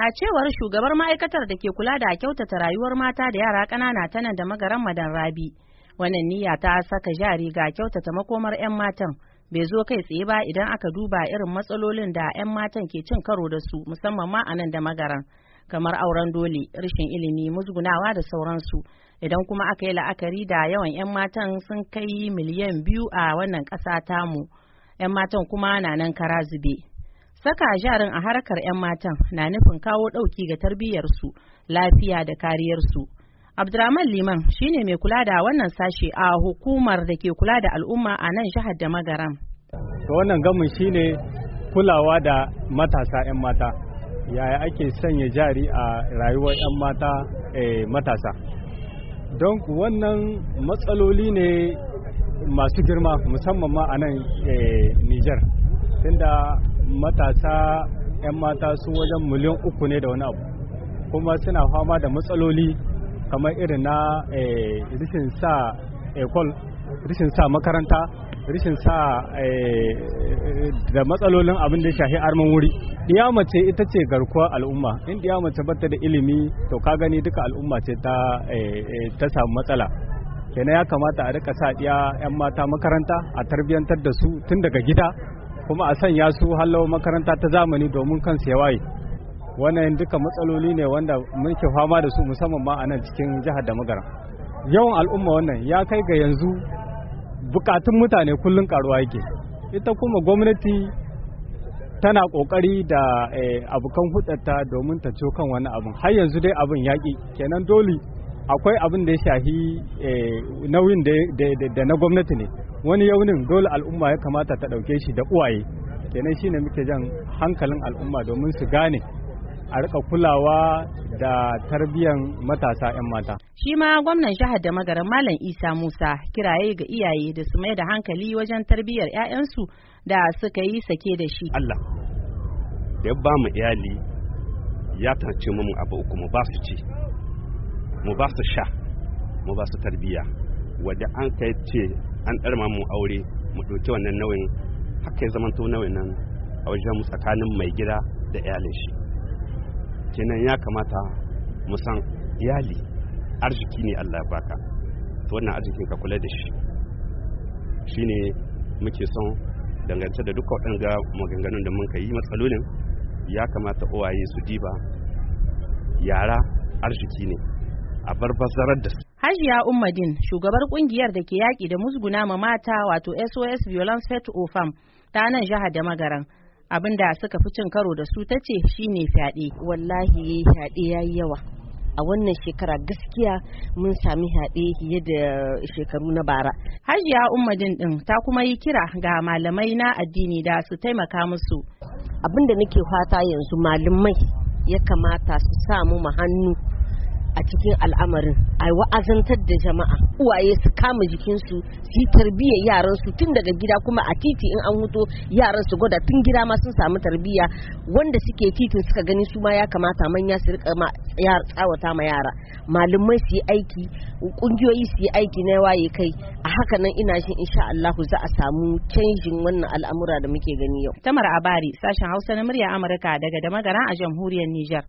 A cewar shugabar ma'aikatar da ke kula da a kyautata rayuwar mata da yara ƙanana ta nan da magaran madan rabi. Wannan niyya ta saka jari ga kyautata makomar 'yan matan bai zo kai tsaye ba idan aka duba irin matsalolin da 'yan matan ke cin karo da su musamman ma a nan da magaran. kamar auren dole, rashin ilimi, musgunawa da sauransu. Idan kuma aka yi la'akari da yawan 'yan matan sun kai miliyan biyu a wannan ƙasa tamu, 'yan matan kuma na nan kara zube. Saka jarin a harkar 'yan matan na nufin kawo ɗauki ga tarbiyyarsu, lafiya da kariyarsu. Abdurrahman Liman shine mai kula da wannan sashe a hukumar da ke kula da al'umma a nan jihar da magaram. Wannan gamin shine kulawa da matasa 'yan mata. Yaya ake sanya jari a rayuwar 'yan mata eh, matasa. Don wannan matsaloli ne masu girma musamman ma a nan eh, Nijar. Tunda matasa 'yan mata su wajen miliyan uku ne da wani abu kuma suna fama da matsaloli kamar irin na eh, rishin sa ekol eh, rishin sa makaranta rishin sa eh, da matsalolin abin da shahi arman wuri Ya mace ita ce garkuwar al'umma in ya mace bata da ilimi to ka gani duka al'umma ce ta samu matsala kenan ya kamata a rika sa ɗiya 'yan mata makaranta a tarbiyyantar da su tun daga gida kuma a sanya su hallo makaranta ta zamani domin kansu ya waye wannan duka matsaloli ne wanda muke fama da su musamman ma a nan cikin jihar da magara yawan al'umma wannan ya kai ga yanzu bukatun mutane kullum karuwa yake ita kuma gwamnati tana kokari da eh, abokan hudarta domin ta kan wani abin har yanzu dai abin yaƙi kenan dole akwai abin da ya shahi eh, nauyin da na gwamnati ne wani yaunin dole al'umma ya kamata ta ɗauke shi da uwaye kenan shine muke jan hankalin al'umma domin su gane a rika kulawa da tarbiyan matasa 'yan mata. Shi ma gwamnan jihar da magaran Malam Isa Musa kiraye ga iyaye da su mai da hankali wajen tarbiyyar 'ya'yansu da suka yi sake da shi. Allah da ya ba mu iyali ya tace mu abu uku mu ba su ci. mu ba su sha mu ba su tarbiyya wadda an kai ce an ɗarma mu aure mu ɗauki wannan nauyin haka ya zamanto nauyin nan a wajen mu tsakanin mai gida da iyalin shi kenan ya kamata mu san iyali arziki ne Allah baka to wannan arzikin ka kula da shi shine muke son dangance da duka waɗanda maganganun da muka yi matsalolin ya kamata uwaye su diba yara arziki ne a bar da su. Hajiya Umadin shugabar kungiyar da ke yaƙi da musguna ma mata wato SOS Violence Fet Ofam ta nan jihar da magaran. Abin da suka fi cin karo da su ta ce shi ne fyaɗe. Wallahi fyaɗe ya yi yawa. A wannan shekara gaskiya mun sami haɗe fiye da shekaru na bara. Hajiya Ummadin ɗin ta kuma yi kira ga malamai na addini da su taimaka musu. Abin da nake fata yanzu malamai ya kamata su samu mu hannu a cikin al'amarin a wa'azantar da jama'a uwaye su kama jikinsu su yi tarbiyyar yaran su tun daga gida kuma a titi in an hoto yaran su gwada tun gida ma sun samu tarbiyya wanda suke titin suka gani su ma ya kamata manya su rika ma tsawata ma yara malumai su yi aiki kungiyoyi su yi aiki na waye kai a haka nan ina shi insha Allah za a samu canjin wannan al'amura da muke gani yau Tamar Abari sashen Hausa na murya Amurka daga Damagara a jamhuriyar Nijar